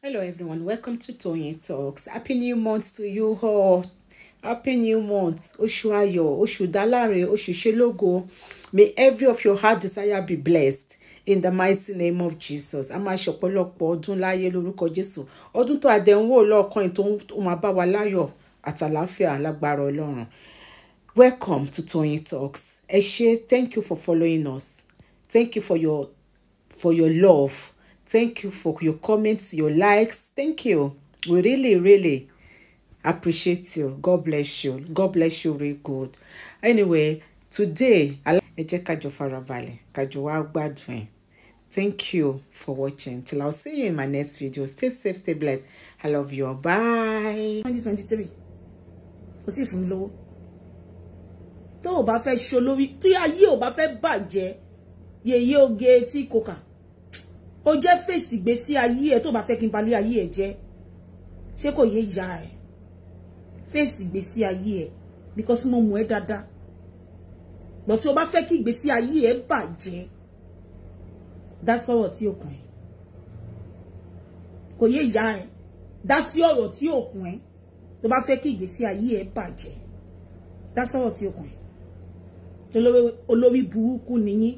Hello everyone, welcome to Tony Talks. Happy new month to you all. Happy new month. Oṣù ayọ̀, oṣù dáláre, oṣù ṣelógo. May every of your heart desire be blessed in the mighty name of Jesus. A máa ṣọ̀pọ̀lọpọ̀ ọdún láyé lórúkọ Jésù. Ọdún tó àdẹ̀wò lọ́ọ̀kan ètò ó máa bá wa láyọ̀ àtàláfíà lágbára Ọlọ́run. Welcome to Toyeen Talks. Ẹ ṣé, thank you for following us. Thank you for your for your love. Thank you for your comments, your likes. Thank you. We really, really appreciate you. God bless you. God bless you really good. Anyway, today, ẹ jẹ́ ká jọ Thank you for watching. Till I'll see you in my next video. Stay safe, stay blessed. I love you. Bye. 2023. Kò tí ì fún mi lówó. Tó o bá fẹ́ ṣolórí, tó yá ayé ò oge tí kò ó jẹ́ fèsì gbé sí ayé ẹ̀ tó bá fẹ́ kí n balẹ̀ ayé ẹ̀ jẹ́ ṣé kò yé ìyá ẹ̀ fèsì gbé sí ayé because mo mọ̀ ẹ́ dáadáa gbọ́ tí o bá fẹ́ kí ìgbésí ayé ẹ̀ bàjẹ́ dá That's tí ó kàn ẹ́ kò yé ìyá ẹ̀ dá sí ọ̀rọ̀ tí ó kàn ẹ́ tó bá fẹ́ kí ìgbésí ayé ẹ̀ bàjẹ́ dá sọ̀rọ̀ tí ó kàn ẹ́ olórí burúkú nìyí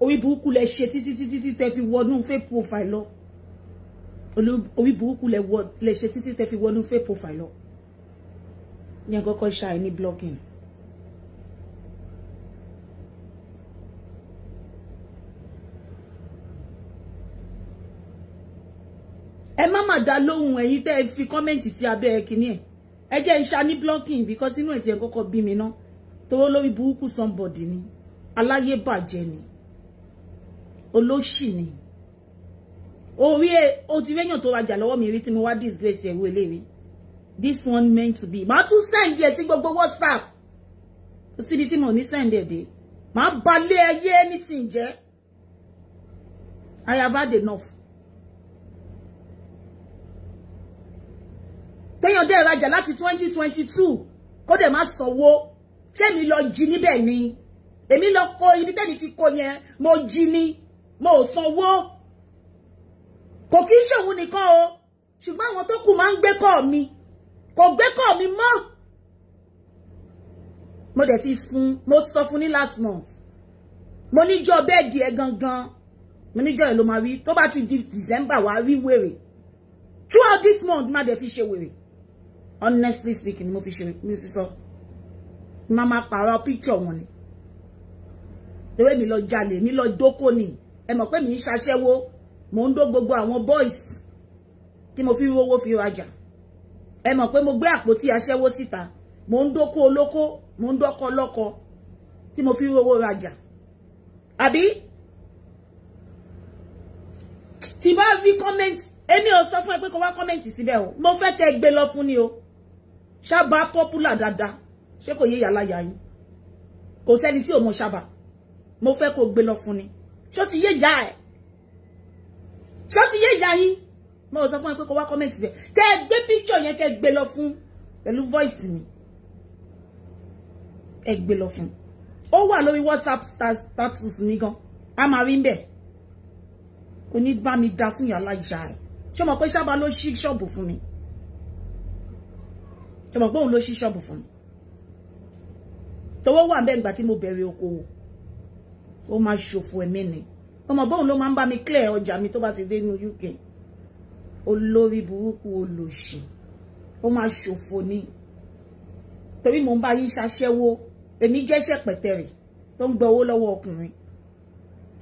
orí burúkú lẹ ṣe títí títí títí tẹ fi wọnú fake profile lọ orí burúkú lẹ ṣe títí tẹ fi wọnú fake profile lọ yẹn kọ́kọ́ ṣáà ní blogging. ẹ má má dá lóhùn ẹ̀yin tẹ́ ẹ fi kọ́mẹ̀ntì sí abẹ́ ẹ kìíní ẹ̀ ẹ jẹ́ ìṣá ní blocking because inú ẹ̀ tiẹ̀ kọ́kọ́ bí mi ná tówó lórí burúkú somebody ni aláyé bàjẹ́ ni olóṣì ni orí ẹ o ti réyàn tó rajà lọ́wọ́ mi rí tí mo wá disgrace ẹ̀wọ́ eléèrè this one meant to be màá tún send ẹ sí gbogbo whatsapp kò síbi tí mo ní send ẹ dé màá balẹ̀ ayé anything jẹ́ I have had enough. téèyàn dé ìrajà láti twenty twenty two kó dẹ̀ má sanwó ṣé mi lọ jí níbẹ̀ ni èmi lọ kó ibi tẹ́mi ti kó yẹn mo jí ní mo ò sanwó kò kí ń ṣòun nìkan o ṣùgbọ́n àwọn tó kù máa ń gbé kọ́ mi kò gbé kọ́ mi mọ́ mo dẹ̀ ti fún mo sọ fún ní last month mo níjọ́ bẹ́ẹ̀dì ẹ gangan mo níjọ́ ẹ̀ ló máa rí tó bá ti di December wàá rí wèrè throughout this month má dẹ̀ fi ṣe wèrè honestly speaking mo fi ṣe mo fi sọ má má pààrọ̀ picture wọn ni ewé mi lọ jalè mi lọ dóko nìyí ẹ mọ̀ pé mi ń ṣaṣẹ́wó mò ń dó gbogbo àwọn boys tí mo fi ń rówó fi rajà ẹ mọ̀ pé mo gbé àpótí aṣẹ́wó síta mò ń dóko olóko mò ń dọ́kọ lọ́kọ tí mo fi ń rówó rajà àbí tí bá rí comment èmi ò sọ fún ẹ pé kó wá comment síbẹ̀ o mo fẹ́ tẹ́ gbé lọ fún ni o ṣábà popular dáadáa ṣé kò yé yàrá yàrá yín kò sẹ́ni tí ò mọ̀ ṣábà mo fẹ́ kó gbé lọ fún ni ṣó ti yé ìyá ẹ̀ ṣó ti yé ìyá yín mo sọ fún ẹ pé kó wá kọ́mẹ̀ntì bẹ̀ kẹ́ ẹ gbé píkṣọ̀ yẹn kẹ́ ẹ gbé lọ fún pẹ̀lú voice mi ẹ gbé lọ fún ó wà lórí whatsapp status mi gan a máa rí ń bẹ̀ kò ní bá mi da fún yàrá ìyá ẹ̀ ṣé mo pé sábà ló ṣí ṣọ́ọ̀bù fún mi ṣé mo pé òun ló ṣí ṣọ́ọ̀bù fún mi tọwọ́ wà bẹ́ẹ̀ nígbà tí mo bẹ̀rẹ̀ okòwò o máa ṣòfò ẹ̀mí ni ọmọ bóun ló máa ń bá mi clear ọjà mi tó bá ti dé ní UK olórí burúkú olòṣì ó máa ṣòfò ni torí mò ń bá yín ṣaṣẹ́wó èmi jẹ́ ṣẹ̀pẹ̀tẹ̀rì tó ń gba owó lọ́wọ́ ọkùnrin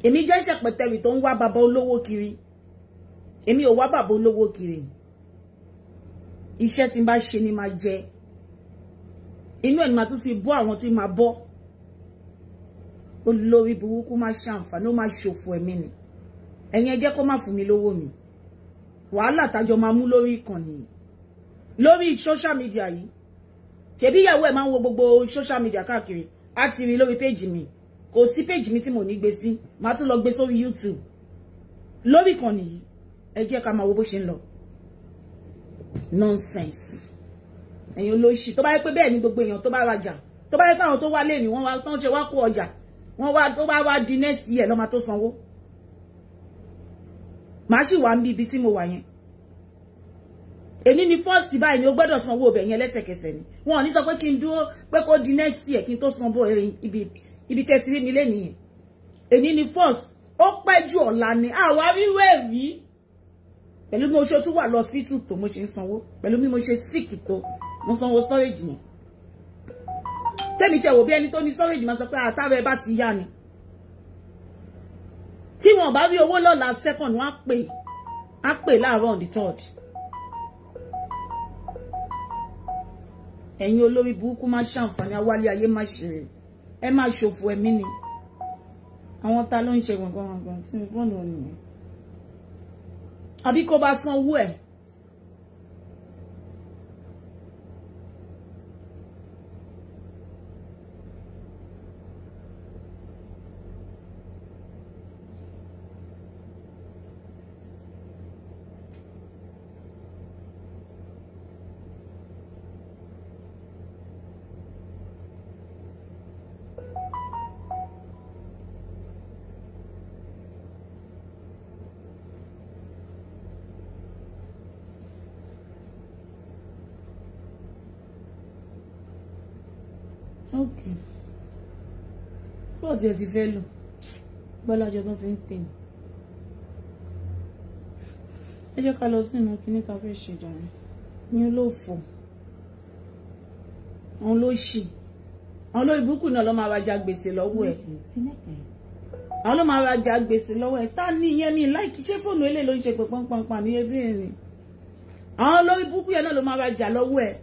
èmi jẹ́ ṣẹ̀pẹ̀tẹ̀rì tó ń wá bàbá olówó kiri èmi ò wá bàbá olówó kiri iṣẹ́ tí n bá ni máa jẹ inú ẹ̀ ni màá fi bọ́ àwọn tí màá bọ́ olórí burúkú má ṣàǹfààní ó má ṣòfò ẹ̀mí ni ẹ̀yin ẹ jẹ́ kó má fún mi lówó mi wàhálà tájọ máa mú lórí ìkànnì lórí social media yìí ṣebí ìyàwó ẹ̀ máa ń wo gbogbo social media káàkiri á ti rí lórí péjì mi kò sí péjì mi tí mo ní gbé sí màá tún lọ gbé sórí YouTube lórí ìkànnì yìí ẹ ká máa wo bó ṣe ń lọ nonsense ẹ̀yin olóṣì tó bá yẹ pé bẹ́ẹ̀ ni gbogbo èèyàn tó bá rajà tó bá yẹ pé àwọn tó wá lé ní wọ́n wá tán ṣe wá kó ọjà wọ́n wá tó bá wá di next year ló máa tó sanwó màá sì wà níbi ibi tí mo wà yẹn èmi ni first báyìí ni ó gbọ́dọ̀ sanwó ibẹ̀ yẹn lẹ́sẹ̀kẹsẹ̀ ni wọn ò ní sọ pé kí n dúró di next year kí n tó ibi ibi tẹ́tí rí mi lẹ́nìyẹn èmi ni first ó pẹ́ jù ọ̀la ni àwa wíwẹ̀ rí pẹ̀lú bí mo ṣe tún wà lọ hospital tó mo ṣe ń sanwó pẹ̀lú mo ṣe sick tó mo sanwó storage ni tẹ́mi tiẹ̀ wò bí ẹni tó ní storage máa sọ pé àtàwẹ̀ bá ti yá ni tí wọn bá rí owó lọ́la second wọn á pè á pè láàárọ̀ the third ẹ̀yin olórí burúkú má ṣàǹfààní awálé ayé má ṣeré ẹ má ṣòfò ẹ̀mí ni àwọn ta ló ń ṣe gbọ̀ngàn gbọ̀ngàn tí fóònù ò nìyẹn àbí kó bá sanwó ẹ̀. ok fọ́ọ̀tì ẹ̀ ti fẹ́ lò bọ́lájọ tó fi ń pè ní ẹ jẹ́ ká lọ sínú kíní ta fẹ́ ṣèjà rẹ̀ ní olóòfò òun ló ṣì àwọn olóyìnbó kù náà ló máa wá ja gbèsè lọ́wọ́ ẹ̀ àwọn ló máa wá ja gbèsè lọ́wọ́ ẹ̀ tá ní ìyẹn ní láìkí ṣé fóònù eléyìí ló ń ṣe pé pọ́npọ́npọ́n ní ebí ẹ̀rìn àwọn olóyìnbó kù yẹn náà ló máa wá ja lọ́wọ́ ẹ̀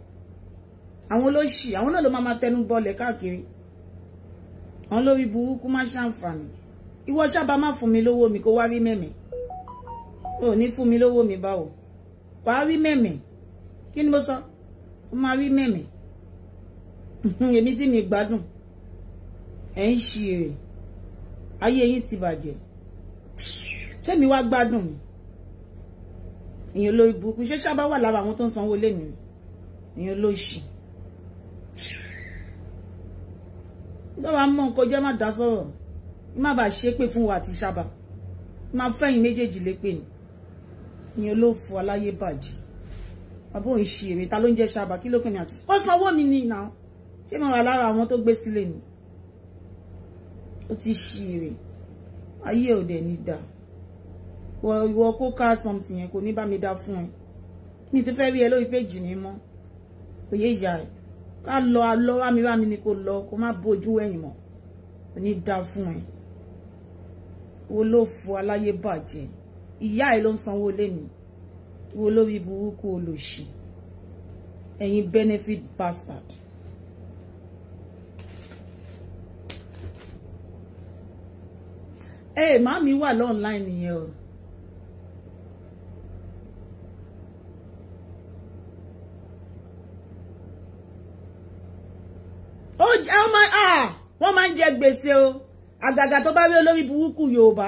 àwọn olóṣì àwọn náà ló máa máa tẹnu bọlẹ̀ káàkiri àwọn lórí burúkú má ṣàǹfààní ìwọ ṣáàbà má fún mi lówó mi kó wá rí mẹ́mẹ́ o ní fún mi lówó mi báwo wàá rí mẹ́mẹ́ kí ni mo sọ ó máa rí mẹ́mẹ́ èmi tí mi gbádùn ẹ̀ ń ṣe èrè ayé yín ti bàjẹ́ ṣémi wá gbádùn mi èèyàn ló ibùkún ṣé ṣáàbà wà lára àwọn tó ń sanwó lé mi èèyàn ló ìjọba mọ nǹkan jẹ́ má dá sọ̀rọ̀ má bàa ṣe pé fún wa àti sábà má fẹ́yìn méjèèjì lépè ni ìyẹn ló fọ aláyé bàjẹ́ bàbá òun ṣe èrè ta ló ń jẹ́ sábà kí ló kàn ní àti ó sanwó mi ní ìnáwó ṣé mo wà lára àwọn tó gbé sílẹ̀ ni ó ti ṣe èrè ayé ò dẹ̀ ní dà ìwọ kó ká something yẹn kò ní bá mi dá fún ẹ mi ti fẹ́ rí ẹ lórí péjì mi mọ́ òye ìyá ẹ̀ ká lọ alọ wámi wámi ni kò lọ kó má bójú ẹ̀yìn mọ́ òní dá fún ẹ wo ló fọ aláyé bàjẹ́ ìyá ẹ ló ń sanwó lẹ́nu wo lórí burúkú olòṣì ẹ̀yin benefit bastard. ẹ hey, màmí wà lọ́nláìn nìyẹn o. ó jẹ́ ó máa ah wọ́n máa ń jẹ gbèsè o àgàgà tó bá rí olórí burúkú Yorùbá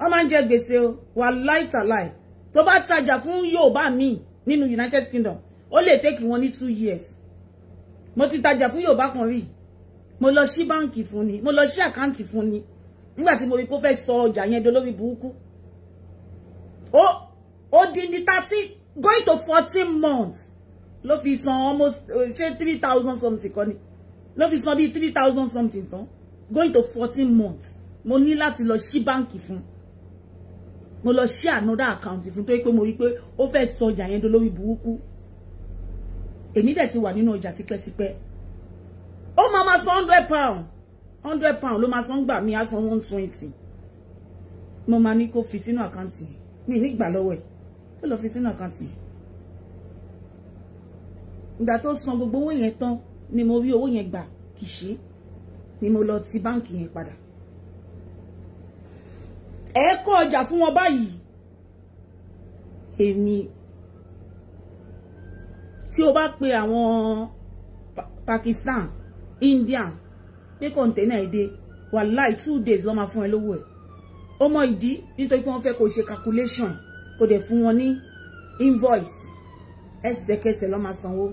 wọ́n máa ń jẹ gbèsè o wà láìtàláì tó bá tajà fún Yorùbá míì nínú United Kingdom ó lè tẹ́kì wọn ní two years mo ti tajà fún Yorùbá kan rí mo lọ sí báǹkì fún ni mo lọ sí àkáǹtì fún ni nígbà tí mo rí pé ó fẹ́ sọ ọjà yẹn dolórí burúkú ó ó dín ní thirteen going to fourteen months ló fi san almost eh, ṣé three thousand something kan ni ló fi san bíi three thousand something tán going to fourteen months mo ní láti lọ ṣí báǹkì fún mo lọ ṣí another account fún tó yẹ pé mo rí i pé ó fẹ́ sọ ọjà yẹn dolórí burúkú èmi dẹ̀ ti wà nínú ọjà tipẹ́tipẹ́ ó máa ma san hundred pound hundred pound ló máa san gbà mí á san one twenty mo máa ní kó fi sínú àkáǹtì mi nígbà lọ́wọ́ ẹ̀ ó lọ fi sínú àkáǹtì ìgbà tó san gbogbo owó yẹn tán ni mo rí owó yẹn gbà kìsì ni mo lọ ti báǹkì yẹn padà ẹ kó ọjà fún wọn báyìí èmi tí o bá pe àwọn Pakistan India pé kọ̀ǹtẹ́nà ẹ̀ dé wàláì two days lọ́ máa fún ẹ lówó ẹ̀ ọmọ ìdí nítorí pé wọ́n fẹ́ kó ṣe calculation kó dẹ̀ fún wọn ní invoice ẹsẹ̀kẹsẹ̀ lọ́ máa sanwó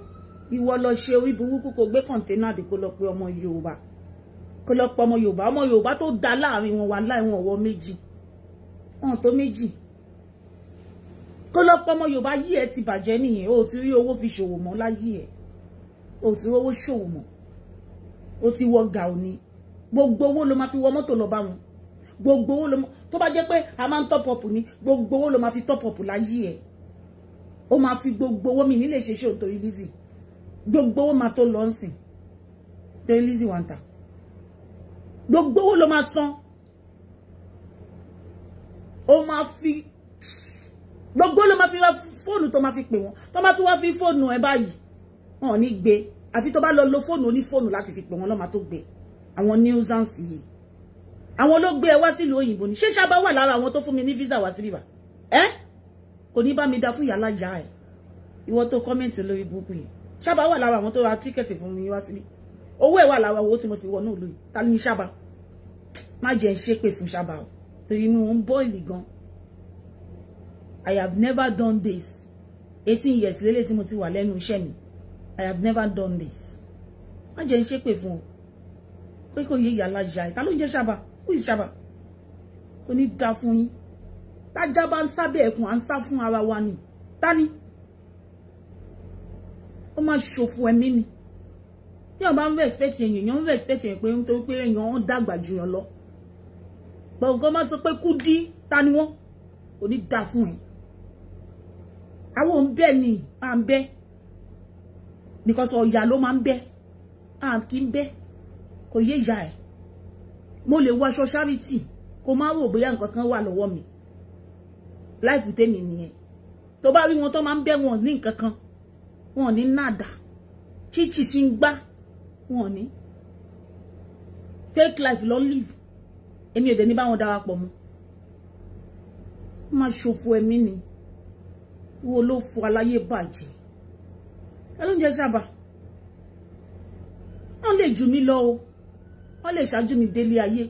ìwọ lọ ṣe orí burúkú kó gbé kọ̀ǹténà àbí kó lọ pé ọmọ Yorùbá kó lọ pé ọmọ Yorùbá ọmọ Yorùbá tó da láàrin wọn wà láì wọn ọwọ́ méjì wọn tó méjì kó lọ pé ọmọ Yorùbá yí ẹ ti bàjẹ́ nìyẹn o ti rí owó fi ṣòwò mọ́ láyé ẹ o ti rí owó ṣòwò mọ́ o ti wọ gà òní gbogbo owó ló máa fi wọ mọ́tò lọ bá wọn gbogbo owó ló tó bá jẹ́ pé a máa ń top ni gbogbo owó ló máa fi top láyé ẹ o máa fi gbogbo owó mi nílé ṣe ṣe òtò ìlísì gbogbo owó máa tó lọ ń sìn tẹ́lẹ̀ Lizzy wà ń tà gbogbo owó ló máa san ó máa fi gbogbo ló máa fi wá fóònù tó máa fi pè wọ́n tó bá tún wá fi fóònù ẹ báyìí wọn ò ní gbé àfi tó bá lọ lo fóònù onífóònù láti fi pè wọ́n ló máa tó gbé àwọn nuisance yìí àwọn ló gbé ẹ wá sílùú òyìnbó ni ṣé sábà wà lára àwọn tó fún mi ní visa wá sí bíbá ẹ kò ní bá mi dá fún ìyá alájà ẹ ìwọ tó kọ́mẹ̀ntì lórí búkú yìí ṣábà wà lára àwọn tó ra tíkẹ́ẹ̀tì fún mi wá síbí owó ẹ̀ wà lára owó tí mo fi wọnú ìlú yìí ta ni ṣábà má jẹ́ ń ṣépè fún ṣábà o torí mi ń bọ́ìlì gan I have never done this eighteen years lélẹ̀ tí mo ti wà lẹ́nu iṣẹ́ mi I have never done this má jẹ́ ń ṣépè fún o pé kò yé ìyá alájà ẹ̀ ta ló ń jẹ́ ṣábà who is ṣábà kò ní da fún yín tájá bá ń sábẹ́ ẹ̀kún à ń sá fún ara wa ni ta ó máa ṣòfò ẹ̀mí ni tí wọn bá ń respect èèyàn èèyàn ń respect èèyàn pé nítorí pé èèyàn ń dàgbà jù yàn lọ gbọ̀ngàn máa sọ pé kú dí ta ni wọ́n kò ní dà fún ẹ àwọn ò ni à ń bẹ because ọ̀yà ló máa ń bẹ à kì í bẹ kò yé ìyá ẹ mo lè wọ aṣọ charity kó má wò bóyá nǹkan kan wà lọ́wọ́ mi láìfù tèmi nìyẹn tó bá rí wọn tó máa ń bẹ wọn ní nǹkan kan wọn ní nàdà chichi ti ń gbá wọn ní fake life lọ live èmi ò dẹ̀ ní bá wọn darapọ̀ mọ́ má ṣòfò ẹ̀mí ni wo ló fọ aláyé bàjẹ́ ẹ ló ń jẹ sábà wọn lè jù mí lọ o wọn lè ṣáájú mi délé ayé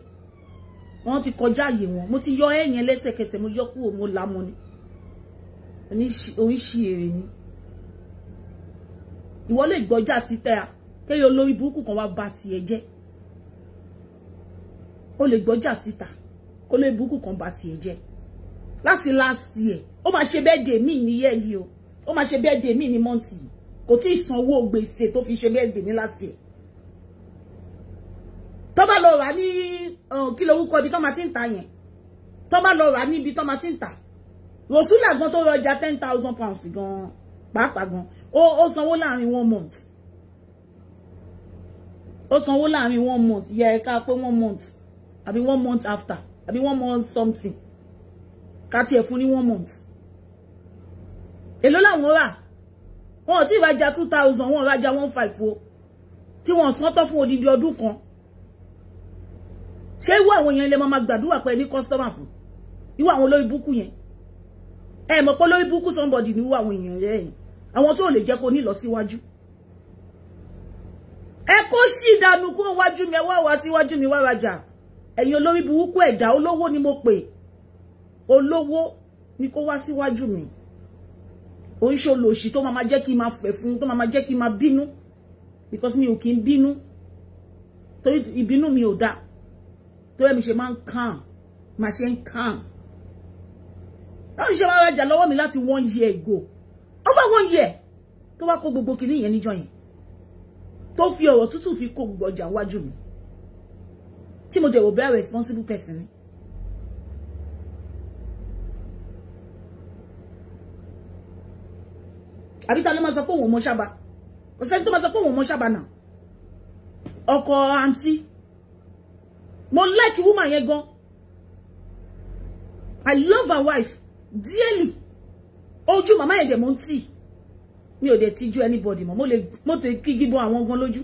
wọn ti kọjá àyè wọn mo ti yọ ẹ̀yìn lẹ́sẹ̀kẹsẹ̀ mo yọ kúrò mo là mọ ni oníṣì èrè ni ìwọ lè gbọ́jà síta kéèyàn olórí burúkú kan wá ba tiẹ̀ jẹ́ o lè gbọ́jà síta kó lè burúkú kan ba tiẹ̀ jẹ́ láti last year ó máa ṣe birthday mi ní year yìí o ó máa ṣe birthday mi ní month yìí kò tí ì sanwó gbèsè tó fi ṣe birthday ní last year tó bá lọ rà ní kí lorúkọ ibi tó máa ti ń ta yẹn tó bá lọ rà níbi tó máa ti ń ta Rosula gan tó rọjà ten thousand pounds gan pàápàá gan ó sanwó láàrin one month ó sanwó láàrin one month yẹ ká pé one month àbí one month after àbí one month something ká tiẹ̀ fún ní one month èló làwọn rà wọn ò tí ì rajà two thousand wọn rajà one five o tí wọn san tán fún odidi ọdún kan ṣé irú àwọn èèyàn lè máa gbàdúrà pé ní kọ́sítọ́mà fún irú àwọn olórí búkú yẹn ẹ mọ̀ pé olórí búkú somebody ni irú àwọn èèyàn yẹn àwọn tó lè jẹ́ kó ní lọ síwájú ẹ kó sì dànù kó wájú mi ẹ wá wá síwájú mi wá rajà ẹ̀yin olórí burúkú ẹ̀dá olówó ni mo pè olówó ni kó wá síwájú mi oníṣòwò lòṣì tó máa ma jẹ́ kí n máa fẹ̀ fún tó máa ma jẹ́ kí n máa bínú because mi ò kí n bínú torí ìbínú mi ò dá torí mi ṣe máa ń kàn máa ṣe ń kàn báwo ṣe máa rajà lọ́wọ́ mi láti one year ago over one year to wá kó gbogbo kìíní yẹn níjọ́ yẹn tó fi ọ̀rọ̀ tútù fi kó gbogbo ọjà wájú mi tí mo dẹ̀ wò bẹ́ẹ̀ responsible person ni. àbí ta ló máa sọ pé òun mọ ṣába kò sẹ́ni tó máa sọ pé òun mọ ṣába náà ọkọ àǹtí mo like woman yẹn gan I love her wife dearly ojú màmá yẹn dẹ̀ mo ń tì mi ò dẹ̀ ti ju anybody mọ́ mo lè mo tẹ kígi bọ àwọn gan lójú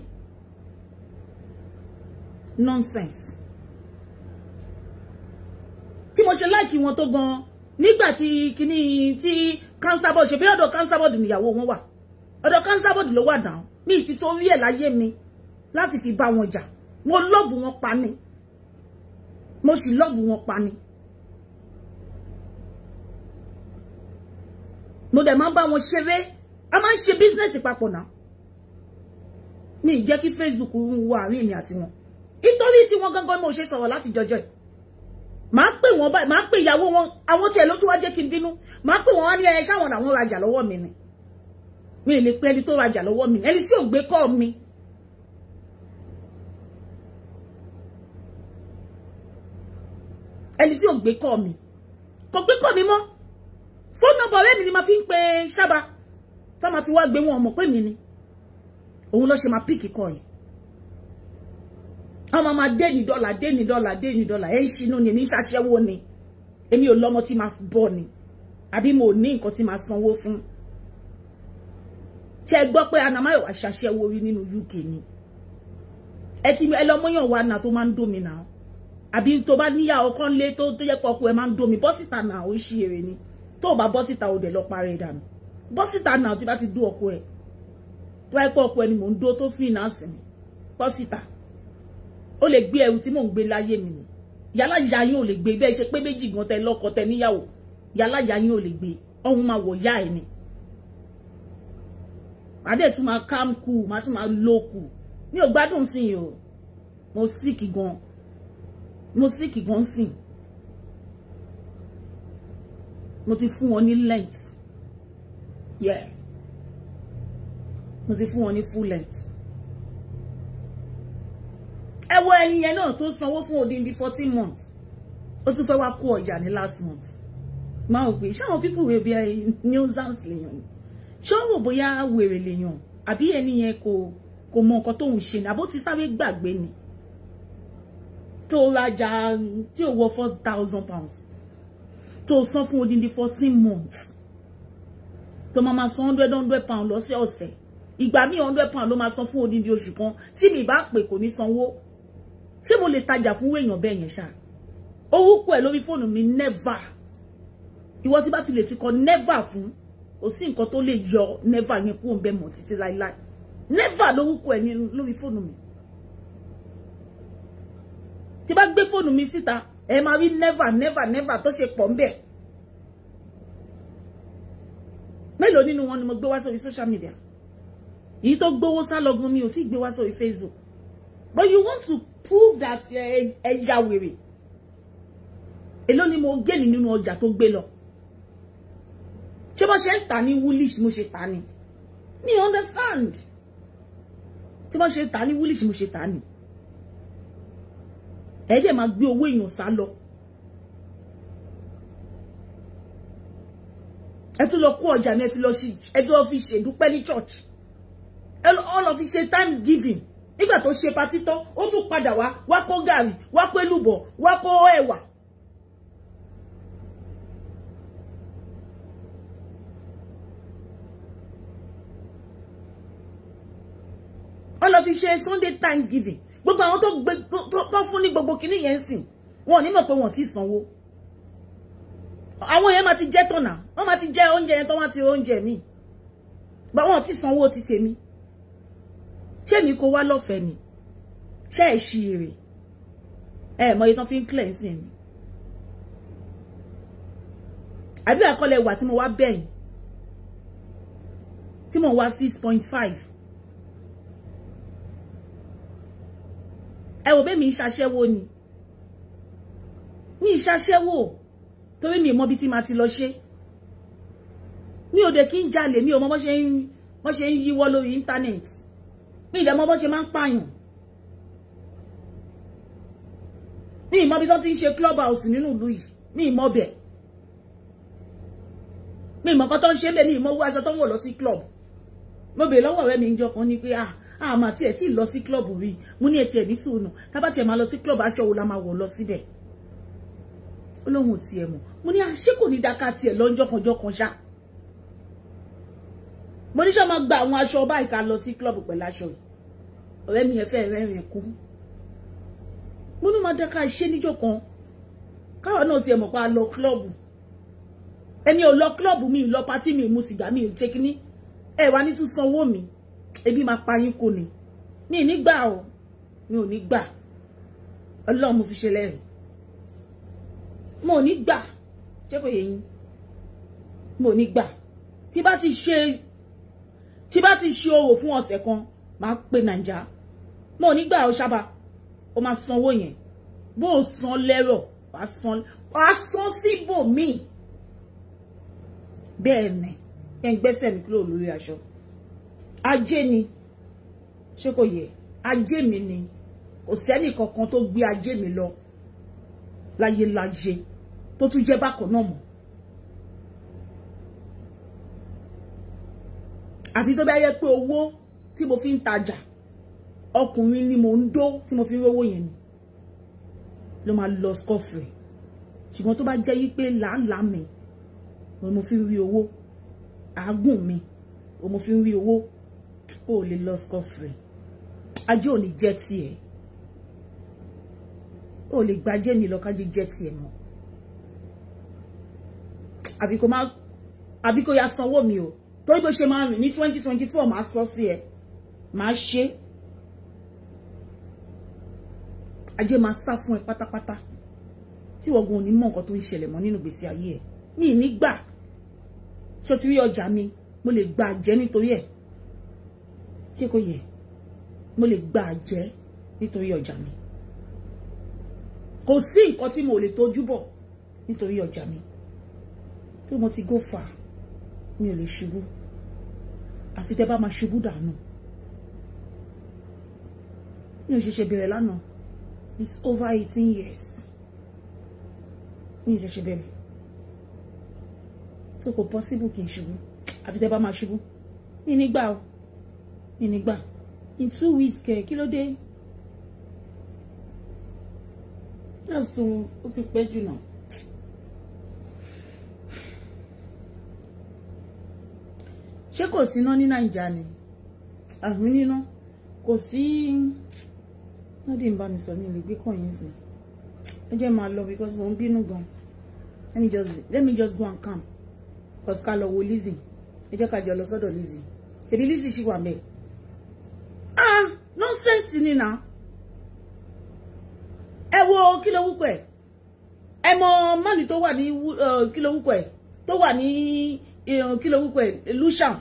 nonsense tí mo ṣe láìkì wọn tó gan nígbà tí kíní tí cancer board ṣe bí ọ̀dọ̀ cancer board nìyàwó wọn wà ọ̀dọ̀ cancer board ló wà dàn mí ti tó rí ẹ̀ láyé mi láti fi bá wọn jà mo lọ́ọ̀bù wọn pa ni mo sì lọ́ọ̀bù wọn pa ni mo dẹ̀ máa ń bá wọn ṣeré a máa ń ṣe bísínẹ́sì papọ̀ náà mi ì jẹ́ kí Facebook ń wo àárín mi àti wọn nítorí tí wọ́n gángan mo ṣe sọ̀rọ̀ láti jọjọ́ yìí màá pè wọ́n báyìí màá pè ìyàwó wọn àwọn tiẹ̀ ló tún wá jẹ́ kí n bínú màá pè wọ́n wá ní ẹ ṣáwọn làwọn rajà lọ́wọ́ mi ni mi ì lè pe ẹni tó rajà lọ́wọ́ mi ẹni tí ò gbé kọ́ mi ẹni tí ò gbé kọ́ mi kò gbé kọ́ mi mọ́ phone number ọ̀rẹ́ mi ni máa fi pe Sábà tá máa fi wá gbé wọn ọmọ pé mi ni òun ló ṣe máa píìkì kọ yìí àwọn máa dé ní dọ́là dé ní dọ́là dé ní dọ́là ẹ̀ ń ṣinú ni èmi ni èmi ò lọ́mọ tí máa bọ̀ ni Abi mo ní nǹkan ma máa fun. fún ṣe gbọ́ pé Anamáyọ̀wá ṣaṣẹ́wó rí nínú UK ni ẹ ti ẹ lọ mọ́yàn wa na. tó máa ń dómi náà àbí tó bá níyàwó kan lé tó yẹ pọ̀ kú ẹ máa ń dómi bọ́sìtà náà ó ṣí èrè ni tó o bá bọ́ síta o dẹ̀ lọ parẹ́ dànù bọ́ síta náà tí bá ti dó ọkọ ẹ̀ tó wáyé pé ọkọ ẹ̀ ni mò ń dó tó fínánsì mi bọ́ síta ó lè gbé ẹrù tí mò ń gbé láyé mi nì yálà ìyá yín ò lè gbé bẹ́ẹ̀ ṣe pé méjì gan tẹ lọ́kọ tẹ níyàwó yálà ìyá yín ò lè gbé ọ̀hún máa wọ̀ yá ẹ̀ ni adé tún máa calm cool máa tún máa low cool mi ò gbádùn sí yìí o mo sick gan mo sick gan sìn. Si mo ti fún wọn ní length yeah mo ti fún wọn ní full length ẹ wo ẹyin yẹn náà tó sanwó fún odindi fourteen months ó tún fẹ́ wá kó ọjà ní last month máa wò pé ṣáwọn people wey be nuisance lèèyàn ṣé ó wò bóyá wèrè lèèyàn àbí ẹni yẹn kò kò mọ nǹkan tóun ṣe ní àbó ti sáré gbàgbé ni tó rajà tí ò wọ four thousand pounds tó san fún odindi fourteen months tó máa ma san hundred hundred pound lọ́sẹ̀ ọ̀sẹ̀ ìgbà míì hundred pound ló máa san fún odindi oṣù kan tí mi bá pè kò ní sanwó ṣé mo lè tajà fún wéèyàn bẹ́ẹ̀ yẹn ṣáà owó kú ẹ̀ lórí fóònù mi never ìwọ tí bá fi lè ti kọ never fún kò sí nǹkan tó lè yọ never yẹn kúrò ń bẹ mọ́ títí láéláé never lówó kú ẹ̀ lórí fóònù mi tí bá gbé fóònù mi síta ẹ máa rí never never never tó ṣe pọ̀ ńbẹ̀ mélòó nínú wọn ni mo gbé wá sórí social media èyí tó gbowó sá lọ́gùn mi ò tí gbé wá sórí Facebook but you want to prove that ẹ ya wèrè èló ni mo gẹ́ni nínú ọjà tó gbé lọ ṣé bó ṣe ń tà ní woolish mo ṣe tà ní mi understand ṣé bó ṣe tà ní woolish mo ṣe tà ní ẹ dẹ̀ máa gbé owó èèyàn sá lọ ẹ tún lọ kó ọjà mi ẹ fi lọ ṣe ẹ lọ fi ṣèdúpẹ́ ní church ẹ lọ fi ṣe thanksgiving nígbà tó ṣe patí tán ó tún padà wá wá kó gàrí wá kó èlùbọ́ wá kó ẹ̀wà. ó lọ fi ṣe Sunday Thanksgiving gbogbo àwọn tó gbé tó fún ní gbogbo kinní yẹn sìn wọn ò ní mọ̀ pé wọn ò tí ì sanwó àwọn yẹn máa ti jẹ́ tọ̀nà wọ́n máa ti jẹ́ oúnjẹ yẹn tó wá ti oúnjẹ mi gba wọn ò tí ì sanwó ti tèmi ṣé mi kò wá lọ́fẹ̀ẹ́ ni ṣé ẹ̀ ṣì rè ẹ mọ iye tán fi ń cleansing ni àbí àkọlẹ̀ wà tí mo wá bẹ̀yìn tí mo wá six point five ẹ wò bẹ́ẹ̀ mi ṣaṣẹ́wó ni mi ṣaṣẹ́wó torí mi mọ́ bí tí ma ti lọ ṣe mi ò dẹ̀ kí ń jalè mi ò mọ bó ṣe ń bó ṣe ń yíwọ́ lórí íńtánẹ́ẹ̀tì mi ìdẹ̀ mọ bó ṣe máa ń pààyàn mi ìmọ̀ bí tó ti ń club house nínú ìlú yìí mi ìmọ̀ bẹ̀ mi ìmọ̀ kan tó ń ṣe lé mi ìmọ̀ owó aṣọ tó ń wọ̀ club mo bèè lọ́wọ́ ọ̀rẹ́ mi ń kan ní pé ah àmà ah, tiẹ̀ tí lọ sí club rí mo ní etí ẹ̀ ní sùúrù tábà tiẹ̀ máa lọ sí club aṣọ wo la máa wọ̀ lọ síbẹ̀ olóhùn tiẹ̀ mọ̀ mo ní àṣé ah, kò ní dáká tiẹ̀ lọ́jọ́kanjọ́ kan ṣá mo ní sọ ma gba àwọn aṣọ báyìí ká lọ sí club pẹ̀lú aṣọ yìí ọ̀rẹ́ mi yẹn fẹ́ rẹ́rìn kú mo ní máa dáká iṣẹ́ níjọ́ kan káwọn náà tiẹ̀ mọ̀ pa lọ club ẹni ò lọ club mi lọ pátì mi mu sìgá mi ò jẹ́ ẹ wá ní tún sanwó mi ebi máa pa yín kò ní mi ò ní gbà o mi ò ní gbà ọlọ́run mo fi ṣe lẹ́rìí mo ò ní gbà ṣé kò yé yín mo ò ní gbà tí bá ti ṣe tí bá ti ṣe owó fún ọ̀sẹ̀ kan máa pe nàìjà mo ò ní gbà o ṣábà o máa sanwó yẹn bó o san lẹ́rọ̀ wàá san wàá san síbòmíì bẹ́ẹ̀ ni ẹ̀ ń gbẹ́sẹ̀ mi kúrò lórí aṣọ ajé ni ṣé kò yẹ ajé mi ni kò sẹ́nì kankan tó gbé ajé mi lọ láyéláyé tó tún jẹ́ bákan náà mọ̀ àfi tó bá yẹ pé owó tí mo fi ń tajà ọkùnrin ni mo ń dó tí mo fi ń rówó yẹn ni ló máa lọ scot-free ṣùgbọ́n tó bá jẹ́ yí pé làálàá mi mo fi ń rí owó àágùn mi mo fi ń rí owó o ò lè lọ scot-free ajé ò ní jẹ́ tiẹ̀ o ò lè gbajé mi lọ kájé jẹ́ e mo. àfi kò má àfi kò ya sanwó mi o torí bó ṣe máa rìn ní twenty twenty four máa sọ sí ẹ máa ṣe ajé máa sá fún ẹ pátápátá tí wọ́gun ò ní mọ nǹkan tó ń ṣẹlẹ̀ mọ́ nínú ìgbésí ayé ẹ̀ ní ti rí ọjà mi mo le gba àjẹ́ nítorí ẹ̀ ṣé kò yẹ mo lè gba àjẹ́ nítorí ọjà mi kò sí nǹkan tí mo lè tójú bọ̀ nítorí ọjà mi pé mo ti go far mi ò lè ṣubú àfi tẹ́ bá máa ṣubú dànù mi ò ṣẹ̀ṣẹ̀ bẹ̀rẹ̀ lánàá it's over eighteen years mi ò ṣẹ̀ṣẹ̀ bẹ̀rẹ̀ so kò possible kí n ṣubú àfi tẹ́ bá máa ṣubú mi nígbà o mi in two weeks kẹ kí ló dé ẹ̀sùn ó ti pẹ́ jù náà. ṣé kò síná ní nàìjà ni àrùn níná kò sí nọ́dì ń bá mi sọ ní ìlú gbé kàn yín sí ẹ jẹ́ máa lọ because mo ń bínú gan let me just let me just go and calm because ká lọ wo Lizzy ẹ jẹ́ ká jọ lọ sọ́dọ̀ Lizzy ṣèbí Lizzy ṣì wà bẹ́ẹ̀ ah nọ́nsẹ̀nsì ni nà ẹ wo kí ló wúkọ ẹ ẹ mọ mọ́ni tó wà ní eh, kí ló wúkọ ẹ tó wà ní eh, kí ló wúkọ ẹ Lucian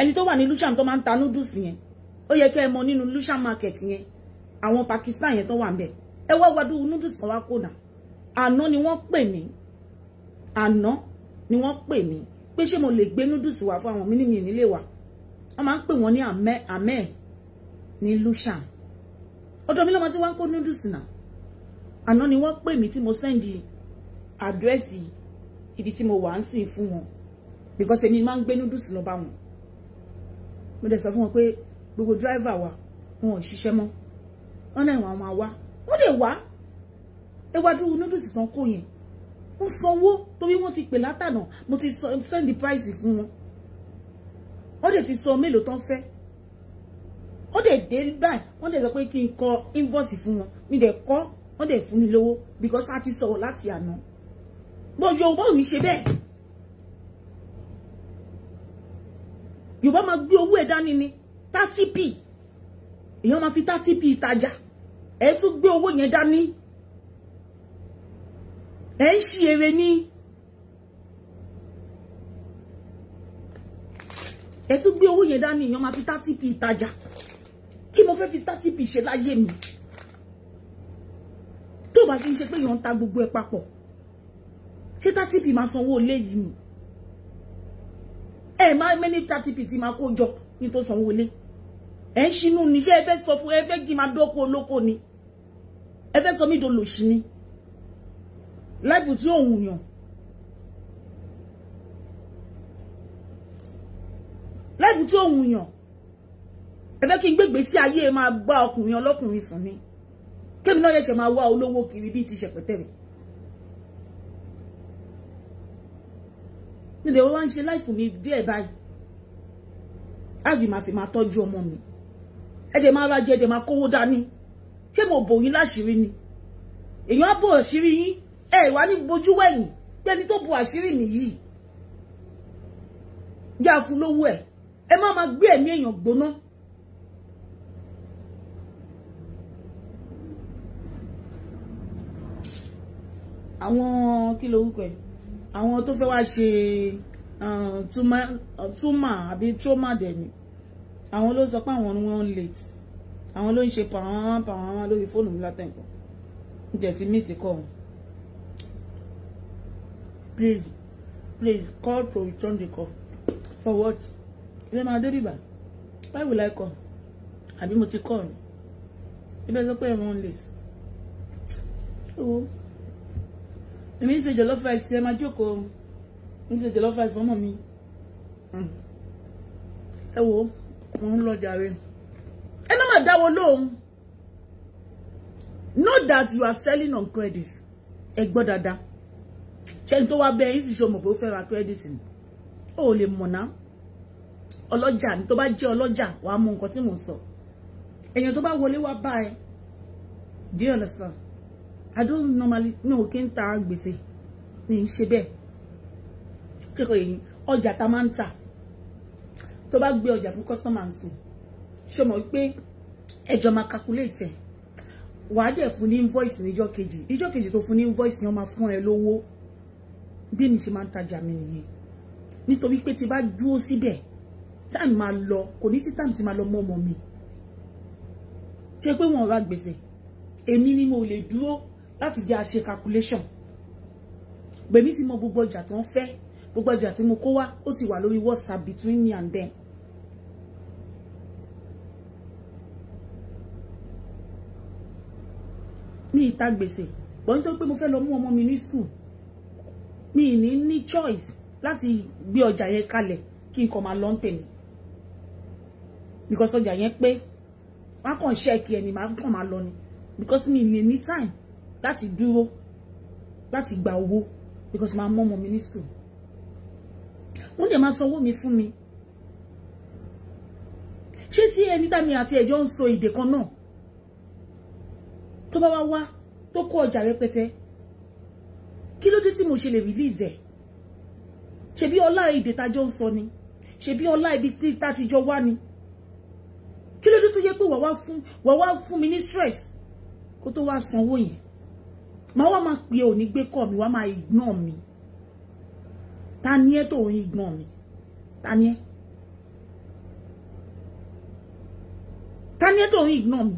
ẹni tó wà ní Lucian tó máa ń ta noodles yẹn ó yẹ kí ẹ mọ nínú Lucian market a àwọn Pakistan yẹn tó wà ń bẹ ẹ wá wádùn noodles kan wá kó náà àná ni wọ́n pè mí àná ni wọ́n pè mí pé ṣé mo lè gbé noodles wá fún àwọn mí ní mi nílé wa wọ́n máa ń pè wọ́n ní àmẹ́ àmẹ́ ní Lushan ọ̀dọ̀ mi lọ́mọ tí wọ́n ń kó noodles náà àná ni wọ́n pè mí tí mo sẹ́ndì àdírẹ́sì ibi tí mo wà ń sìn fún wọn because èmi máa ń gbé noodles lọ bá wọn mo dẹ̀ sọ fún wọn pé gbogbo driver wa wọn ò ṣiṣẹ́ mọ́ wọn náà wọn máa wá wọ́n lè wá ewájú noodles tán kò yẹn wọ́n sanwó torí wọ́n ti pè látànà mo ti send the price fún wọn wọ́n dẹ̀ ti sọ mélòó tán fẹ́ ó dẹ̀ dé báyìí wọ́n dẹ̀ sọ pé kí n kọ invoice fún wọn mi dẹ̀ kọ́ wọ́n dẹ̀ fún mi lówó because a ti sọ̀rọ̀ láti àná bọ́jú owó báwo mi ṣe bẹ́ẹ̀ yorùbá máa gbé owó ẹ̀ dání ni thirty p èèyàn máa fi thirty p ìtajà ẹ̀ tún gbé owó yẹn dání ẹ̀ ń ṣe eré ní. ẹ tún gbé owó yẹn dání èèyàn máa fi thirty p ìtajà kí mo fẹ́ fi thirty p ṣe láyé mi tó bá kí n ṣe pé èèyàn ń ta gbogbo ẹ papọ̀ ṣé thirty p máa sanwó ilé yìí ni ẹ máa mẹ́ni thirty p ti máa kó jọ ní tó sanwó ilé ẹ ń ṣinú ni ṣé ẹ fẹ́ sọ fún ẹ fẹ́ kí n máa dóko olóko ni ẹ fẹ́ sọ mí dolòṣì ni láìpù tí òun yàn láìpù tí ó wùn yàn ẹ fẹ́ kí n gbégbé sí ayé máa gbá ọkùnrin ọlọ́kùnrin sùn ni kémi náà yẹ̀ṣẹ̀ máa wá olówó kiri bíi ti ṣẹ̀pẹ̀tẹ̀ mi. níbi wọ́n wá ń ṣe láìfù mi díẹ̀ báyìí áàfin máa fi máa tọ́jú ọmọ mi ẹ̀dẹ̀ máa ra jẹ ẹ̀dẹ̀ máa kówó dání ṣé mo bò yín láṣìírí ni èèyàn á bò àṣírí yín ẹ ìwà ní bojú wẹ̀yìn bí ẹni tó bò àṣírí nìyí yá fún lówó ẹ̀ ẹ má máa gbé ẹ̀mí èèyàn gbóná. àwọn kí ló wúkọ ẹ àwọn tó fẹ́ wá ṣe uh, túmà àbí trauma dẹ̀ àwọn ló sọ pé àwọn ni wọ́n late àwọn ló ń ṣe pàwọn pàwọn lórí fóònù mi látẹ̀kọ́ ń jẹ́ ti mísì kọ́ wọn. please please call to return the call for what ìwé máa dé bìbà why will I come àbí mo ti kọ́ ni ibẹ̀ sọ pé ẹ̀wọ̀n lè owó èmi ń ṣe jollof rice ẹ máa jókòó ń ṣe jollof rice fọmọ mi hmm. ẹ wo mo ń lọ jàre ẹ má má dáwọ́ lóhùn know that you are selling on credit ẹ gbọ́ dáadáa ṣẹ́ni tó wá bẹ́ẹ̀ yín sì ṣe mọ̀ pé ó fẹ́ ra credit ni ó lè mọ̀ náà ọlọ́jà ni tó bá jẹ́ ọlọ́jà wàá mọ nǹkan tí mò ń sọ èèyàn tó bá wọlé wá bá ẹ do you understand i don't normally no kí n ta gbèsè ní í ṣe bẹ́ẹ̀ kíkọ èyí ọjà ta máa ń tà tó bá gbé ọjà fún customer nsìn ṣe mọ̀ pé ẹjọ́ máa calculate wàá dẹ̀ fún ní invoice níjọ́ kejì níjọ́ kejì tó fún ní invoice yẹn máa fún ẹ lówó bí mi ṣe máa ń tajà mi nìyẹn nítorí pé tí bá dúró síbẹ̀ time máa lọ kò ní sí time tí máa lọ mọ́ ọmọ mi ṣe pé wọ́n ra gbèsè èmi ni mo lè dúró láti jẹ́ àṣe calculation gbèmí ti mọ gbogbo ọjà tó ń fẹ́ gbogbo ọjà tí mo kó wá ó sì wà lórí WhatsApp between me and them ní ìta gbèsè bọ́n tó pé mo fẹ́ lọ mú ọmọ mi ní school mi ní ní choice láti gbé ọjà yẹn kalẹ̀ kí n kàn máa lọ́ntẹ̀ mi because ọjà yẹn pé má kàn ṣẹ́ẹ̀kì ẹni má kàn má lọ ni because mi mi ní time láti dúró láti gba owó because máa mọ́ ọmọ mi ní school wọ́n dẹ̀ máa sanwó mi fún mi ṣé tí ẹni tá mi àti ẹjọ́ ń so èdè kan náà tó bá wá wá tó kó ọjà rẹpẹtẹ kí ló dé tí mo ṣe lè release ẹ̀ ṣebí ọlá èdè tájọ́ ń sọ ni ṣebí ọlá ibi tí tájọ́ wá ni tó yẹ pé wà wá fún wà wá fún mi ní stress kó tó wá sanwó yẹn màá wá máa pè ò gbé kọ́ mi wá máa ignore mi ta ni ẹ́ tó ń ignore mi ta ni ẹ́ ta ni ẹ́ tó ń ignore mi.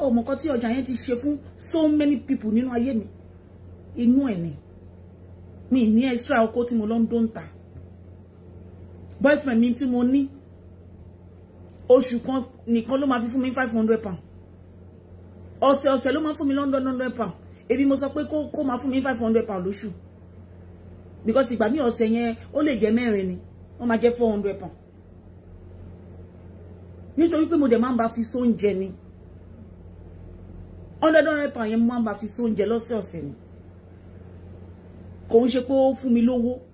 ọmọ tí ọjà yẹn ti ṣe fún so many people nínú ayé mi inú ẹ̀ ni mi ní extra oko tí mo lọ ń dó ń ta boyfriend mi tí mo ní oṣù kan nìkan ló máa fi fún mi five hundred pound ọ̀sẹ̀ ọ̀sẹ̀ ló máa fún mi london hundred pound èmi mo sọ pé kó kó máa fún mi five hundred pound lóṣù because ìgbà mi ọ̀sẹ̀ yẹn ó lè jẹ́ mẹ́rin ni wọ́n máa jẹ́ four hundred pound nítorí pé mo dẹ̀ máa ń ba fi sóúnjẹ ni hundred hundred pound yẹn mo máa ń ba fi sóúnjẹ lọ́sẹ̀ọ̀sẹ̀ ni kò ń ṣe pé ó fún mi lówó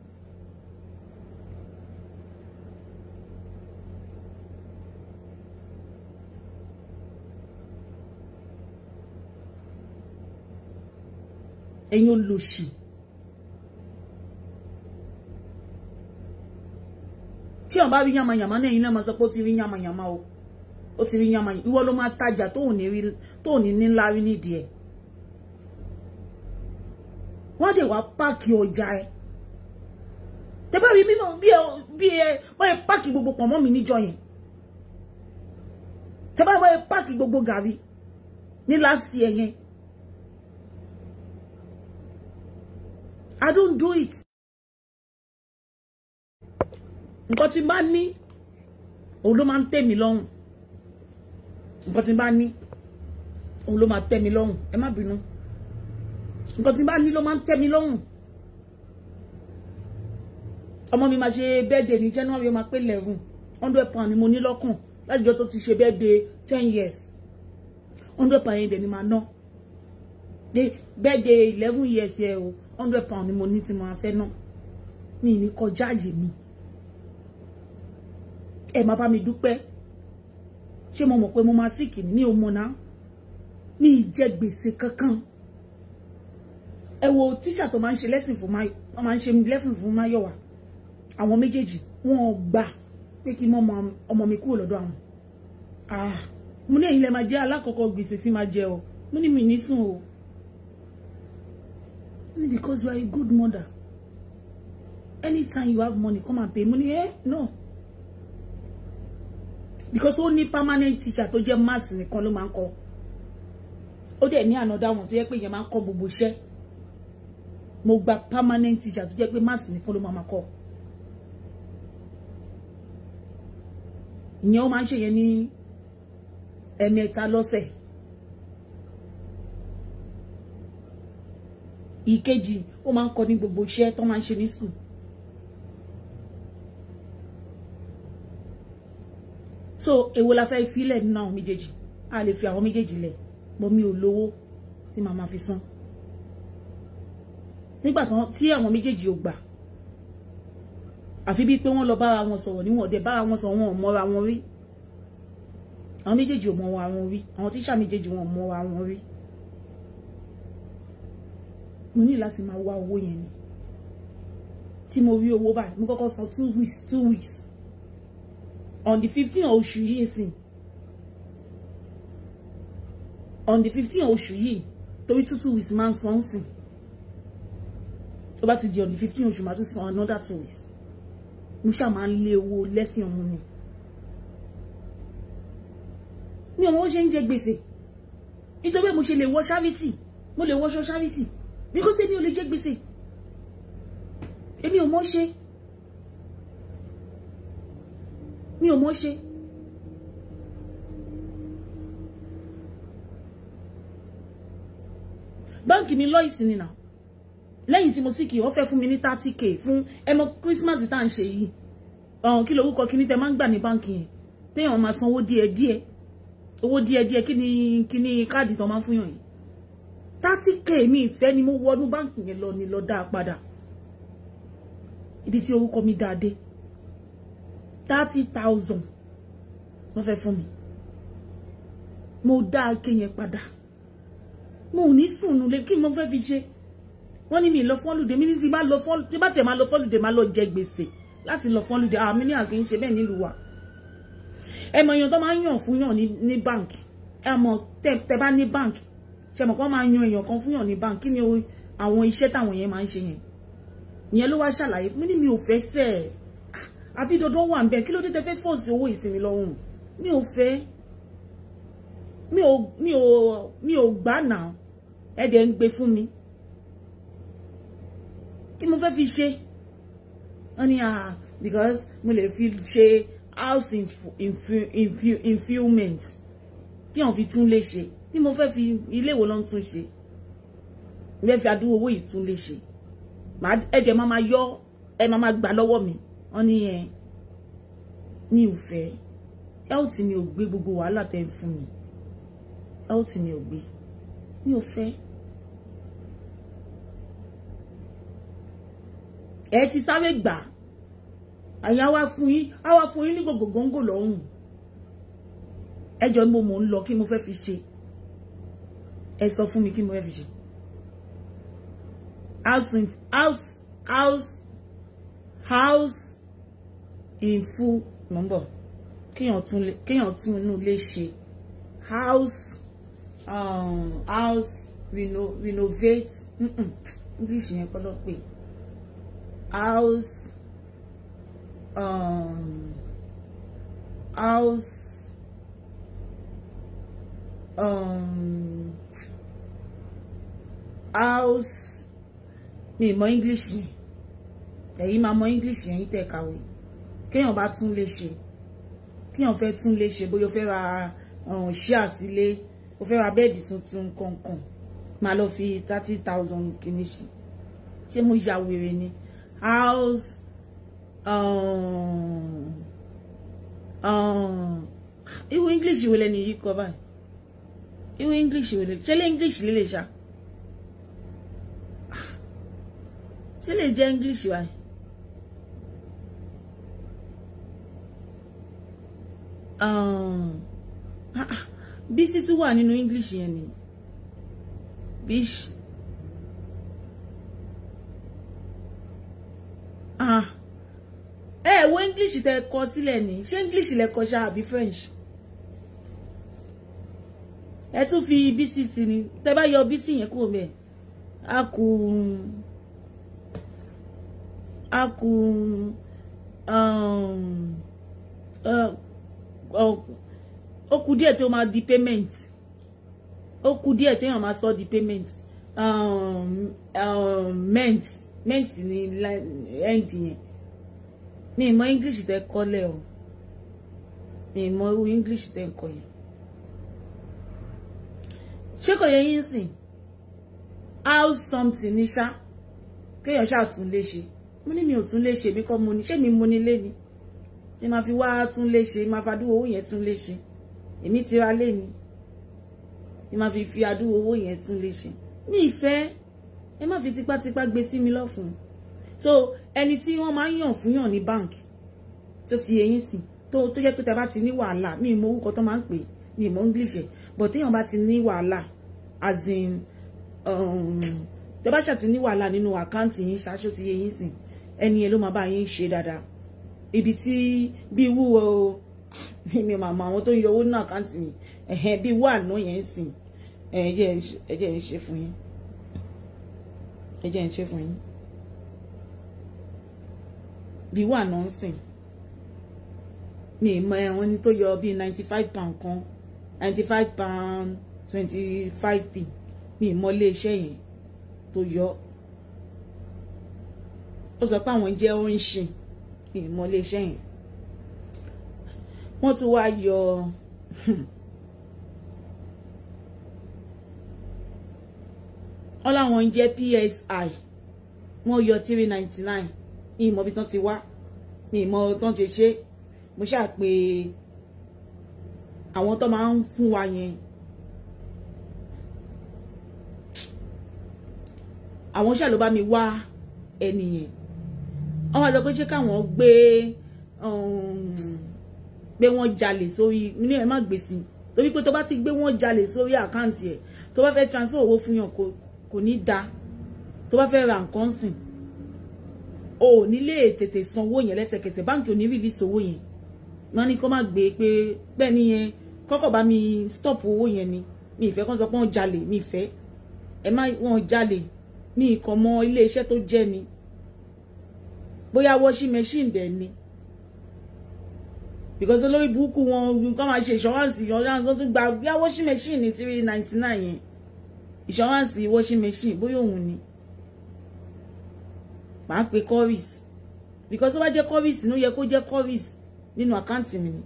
ẹ̀yin olóṣì tí ọ̀n bá rí yamayama náà ẹ̀yin náà sọ pé ó ti rí yamayama o ó ti rí yamayama ìwọ ló máa tajà tó ò ní ní ńlá rí nídìí ẹ̀ wọ́n dẹ̀ wá páàkì ọjà ẹ̀ tẹ bá rí mi náà bí ẹ bí ẹ wọ́n yẹ páàkì gbogbo pọ̀ mọ́ mi níjọ yẹn tẹ bá yẹ páàkì gbogbo gàrí ní last year yẹn. I don't do it. Nǹkan tí n bá ní òun ló máa ń tẹ́ mi lọ́rùn. Nǹkan tí n bá ní òun ló máa tẹ́ mi lọ́rùn. Ẹ má bínú. Nǹkan tí n bá ní ló máa ń tẹ́ mi lọ́rùn. Ọmọ mi máa ṣe birthday ní January ó máa pé eleven hundred pound ni mo ní lọ́kàn lájọ tó ti ṣe birthday ten years hundred pound yẹn dẹ̀ ni màá ná. Birthday eleven years yẹn o hundred pound ni mo ní tí mo fẹ́ náà mi ní kọjá yìí mi ẹ máa bá mi dúpẹ́ ṣé mo mọ̀ pé mo máa síkì ní o mọ̀ náà mi ì jẹ gbèsè kankan ẹ wo tíṣà tó máa ń ṣe lẹ́sìn fún máyọ̀ wọ́n máa ń ṣe lẹ́sìn fún máyọ̀ wá àwọn méjèèjì wọn ò gbà pé kí mọ́ ọmọ mi kúrò lọ́dọ̀ àwọn ah, mo ní ẹ̀yin lẹ máa jẹ́ alákọ̀ọ́kọ́ gbèsè tí máa jẹ ọ mo ní mi ní sùn o. Only because you are a good mother. Anytime you have money, come and pay money. Eh? No. Because only permanent teacher tó jẹ́ mass in the column ń kọ́. Ó dẹ̀ another one to jẹ́ your ìyẹn máa ń kọ́ permanent teacher to get mass in the column máa máa kọ́. Ìyẹn ó any ń ṣe ìkejì ó máa ń kọ́ ní gbogbo iṣẹ́ tó máa ń ṣe ní school so èwo la fẹ́ filẹ̀ nínú àwọn méjèèjì a lè fi àwọn méjèèjì lẹ̀ bọ́ mi ò lówó tí màá máa fi san nígbà tí àwọn méjèèjì ò gbà àfi bíi pé wọ́n lọ bára wọn sọ̀rọ̀ níwọ̀n dẹ̀ bára wọn sọ̀rọ̀ wọn ò mọ́ra wọn rí àwọn méjèèjì ò mọ ara wọn rí àwọn tíṣà méjèèjì wọn ò mọ wọn rí mo ní láti máa wá owó yẹn ni tí mo rí owó báyìí mo kọ́kọ́ san two weeks two weeks on the fifteen oṣù yìí sìn on the fifteen oṣù yìí torí two two weeks máa ń san sìn tó bá ti di on the fifteen oṣù máa tún san another two weeks mo ṣáà máa ń lé owó lẹ́sìn ọmọ mi mi ò mọ bó ṣe ń jẹ gbèsè nítorí mo ṣe lè wọ ṣáfìtì mo lè wọṣọ ṣáfìtì because èmi ò lè jẹ gbèsè èmi ò mọ̀ ṣe mi ò mọ̀ ṣe báńkì mi lọ ìsìn nìyà lẹ́yìn tí mo sì kì í wọ́n fẹ́ mi ní thirty k fún ẹmọ christmas tá à ń ṣe yìí ọ̀hún kí lorúkọ kí ni tẹ máa ń gbà ní báńkì yẹn téèyàn máa sanwó díẹ̀ díẹ̀ owó díẹ̀ díẹ̀ kí ni kí ni káàdì tó thirty k mi ìfẹ́ ni mo wọnú báǹkì yẹn lọ ni lọ dáa padà ibi tí orúkọ mi dáa dé thirty thousand wọ́n fẹ́ fún mi mo dáa ké yẹn padà mo ò ní sùn nulẹ̀ kí mo fẹ́ fi ṣe wọ́n ní mi lọ fọ́lùdé mi ní ti bá lọ fọ́lùdé tí bá tiẹ̀ máa lọ fọ́lùdé máa lọ jẹ gbèsè láti lọ fọ́lùdé àmì ah, ní àkíní ṣe bẹ́ẹ̀ nílùú wa ẹ mọ èèyàn tó máa ń yàn ni yàn ní báǹkì ẹ mọ tẹ bá ní báǹkì ṣe mọ̀ pọ́n máa yan èèyàn kan fún yàn ní bank kí ni àwọn iṣẹ́ táwọn yẹn máa ń ṣe yẹn ìyẹn ló wá ṣàlàyé mi ní mi ò fẹ́ sẹ́ ẹ̀ ah, àbí dandan wà ń bẹ kí ló dé tẹ fẹ́ fọ́ọ̀sì owó ìsinmi lọ́rùn mi ò fẹ́ mi ò gbà náà ẹ ń gbé fún mi kí mo fẹ́ fi ṣe wọ́n ní ah because mo lè fi ṣe house infu kí wọ́n fi tún lè ṣe bí mo fẹ́ fi ilé ìwò lọ́n tún ṣe mo fẹ́ fi adúgbò owó yìí tún lè ṣe ẹ̀dẹ̀ máa ma yọ ẹ máa ma gbà lọ́wọ́ mi wọ́n ní ẹ mi ò fẹ́ health ni ò gbé gbogbo wàhálà tẹ́ ń fún mi health mi ò gbé mi ò fẹ́. ẹ ti sáré gbà àyà wá fún yín á wá fún yín ní gògògóńgò lọ́rùn ẹjọ́ mo mò ń lọ mo fẹ́ fi ṣe ẹ sọ fún mi kí mo fẹ́ fi ṣe house house house house in full nọ́mbọ̀ kéèyàn tún kéèyàn tún inú ilé ṣe house um, house reno renovate mm -mm, english yẹn kọ́ ló pè house um, house um, house mi mo english yẹn ẹ̀yin máa mọ english yẹn yín tẹ̀ kàwé kéèyàn bá tún lè ṣe kéèyàn fẹ́ tún lè ṣe bóyá o fẹ́ ra ṣíà um, sílé o fẹ́ ra bẹ́ẹ̀dì tuntun kọ̀ọ̀kan máa lọ fi thirty thousand kìíní ṣe mo ya wèrè ni house um, um, irú english wo lẹni yìí kọ báyìí irú english wò lè ṣe english lè lè ṣá ṣe lè jẹ́ english wáyé. Um, ah, ah, bísí tún wà english yẹn ni bish ah, ẹ wo english tẹ kọ sílẹ̀ ni ṣé english lẹ kọ ṣá french ẹ tún fi bísí sí ni tẹ bá yọ bísí yẹn kúrò mẹ a kù a kù um, uh, uh, ó kù díẹ̀ tí ó máa di payment ó kù díẹ̀ tí èèyàn máa sọ di payment um, um, ment ment ni end yẹn mi mọ English tẹ kọ́lẹ̀ o mi mọ English tẹ kọ́ yẹn ṣé kò yẹ yín sìn how something ní ṣá kéèyàn ṣáà tún lè ṣe mo ní mi ò tún lè ṣe mi kọ́ mo ní ṣé mi mo ní lé ni tí ma fi wá tún lè ṣe ma fa dúró yẹn tún lè ṣe èmi ti ra lé ni tí ma fi fi adúró owó yẹn tún lè ṣe ní ìfẹ́ ẹ má fi tipátipá gbé sí mi lọ́fun so ẹni tí wọ́n máa ń yàn fún yàn ní bank tó ti eyín sìn tó tó jẹ́ pé tá a bá ti ní wàhálà mi ìmọ̀ orúkọ tó máa ń pè ní ìmọ̀ English ẹ̀ bọ̀ téèyàn bá ti ní wàhálà as in um, tẹ bá ṣàtì ní wàhálà nínú àkáǹtì yín ṣáṣó ti yé yín sìn ẹni yẹn ló máa bá yín ṣe dáadáa ibi tí bí wú o mi ò màmá àwọn tó ń yọ owó nínú àkáǹtì mi ẹ̀hẹ́n bí wú àná yẹn sìn ẹ̀jẹ̀ ń ṣe fún yín ẹ̀jẹ̀ ń ṣe fún yín bí wú àná ń sìn mi ì mọ ẹ̀wọ̀n ní tó yọ bíi ninety five pound kan ninety five pound twenty five p mi mọ ilé iṣẹ́ yẹn tó yọ ó sọ pé àwọn jẹ́ oríṣin mi mọ ilé iṣẹ́ yẹn wọ́n tún wá yọ wọ́n láwọn jẹ́ PSI wọ́n yọ three ninety nine ní ìmọ̀ bí tán ti wá ní ìmọ̀ tán ṣe ṣe mo ṣáà pé àwọn tó máa ń fún wa yẹn àwọn ṣáà ló bá mi wá ẹni yẹn wọ́n wá lọ pé ṣé káwọn gbé um, gbé wọ́n jalè sórí ní ẹ má gbèsè torí pé tó bá ti gbé wọ́n jalè sórí àkáǹtì ẹ̀ tó bá fẹ́ transfer owó fún yàn kò ní da tó bá fẹ́ ra nǹkan sìn o ò ní lè tètè sanwó yẹn lẹ́sẹ̀kẹsẹ̀ báǹkì ò ní release owó yẹn wọ́n ní kó má gbé pé bẹ́ẹ̀ ni yẹn kọ́kọ́ bá mi stop owó yẹn ni mi ìfẹ́ kán sọ pé wọ́n jalè mi ìfẹ́ ẹ má wọ́n jalè mi kàn mọ ilé iṣẹ́ tó jẹ́ ni bóyá washing machine dẹ̀ ni because olórí burúkú wọn kọ́ máa ṣe insurance insurance tó tún gba bóyá washing machine ní three ninety nine yẹn insurance washing machine bóyá òun ni màá pe coris because tó bá jẹ́ coris ló yẹ kó jẹ́ coris nínú àkáǹtì mi ni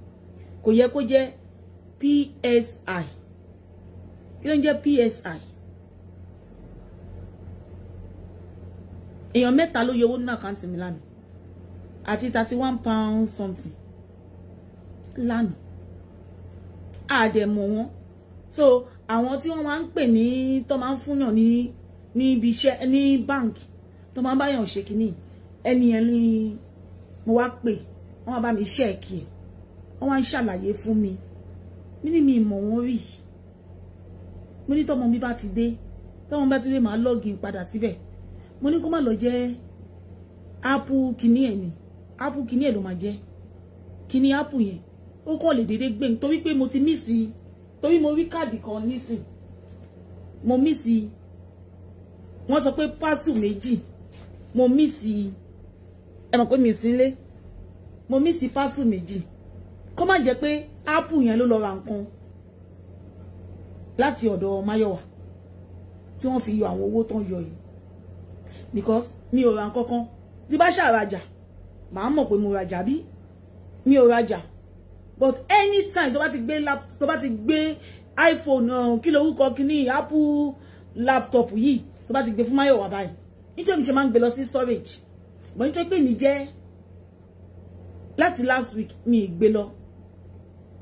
kò yẹ kó jẹ́ psi kí ló ń jẹ́ psi èèyàn mẹ́ta ló yọ owó nínú àkáǹtì mi lánàá àti thirty one pound something lánàá àdẹ̀mọ̀ wọn so àwọn tí wọ́n máa ń pè ní tó máa ń fúnyàn ní ní ibi iṣẹ́ ní báǹkì tó máa ń báyàn ṣe kínní ẹni yẹn ni mo wá pè wọ́n wá bá mi ṣẹ́ẹ̀kì ẹ̀ wọ́n wá ń ṣàlàyé fún mi mi ní mi mọ̀ wọ́n rí mo ní tọ́mọ mi bá ti dé tọ́mọ mi bá ti dé màá lọ́ọ̀gì padà síbẹ̀. Si mo ní kó má lọ jẹ́ ápù kìíní ẹ̀ ni ápù kìíní ẹ̀ ló máa jẹ́ kìíní ápù yẹn ó kọ́ lè dédé gbé torí pé mo ti mísì torí mo rí káàdì kan nísìn mo mísì wọ́n sọ pé pásù méjì mo mísì ẹ mọ̀ pé mi sí ilé mo mísì pásù méjì kó má jẹ́ pé ápù yẹn ló lọ ra nǹkan láti ọ̀dọ̀ Máyọ̀wá tí wọ́n fi yọ àwọn owó tán yọ yìí because mi ò ra nǹkankan tí bá ṣàrajà màá mọ̀ pé mo rajà bí mi ò rajà but anytime tó bá ti gbé laptop tó bá ti gbé iphone uh, kilo lorúkọ kíní apple laptop yìí tó bá ti gbé fún Máyọ̀wá báyìí nítorí mi ṣe máa ń gbé lọ sí storage but nítorí pé mi jẹ́ láti last week mi ì gbé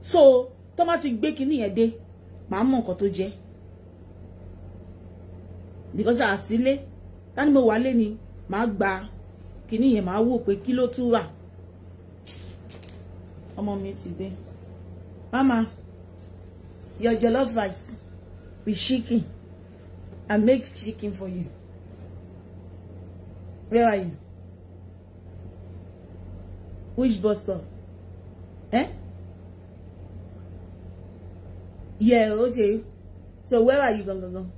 so tó bá ti gbé kíní yẹn dé màá mọ̀ nǹkan tó jẹ́ because àsílé tani mo wà lé ni màá gba kíní yẹn màá wò pé kí ló tún wà ọmọ mi ti dé mama your jollof rice with chicken I make chicken for you where are you which bus stop eh yeah okay so where are you gangan gan.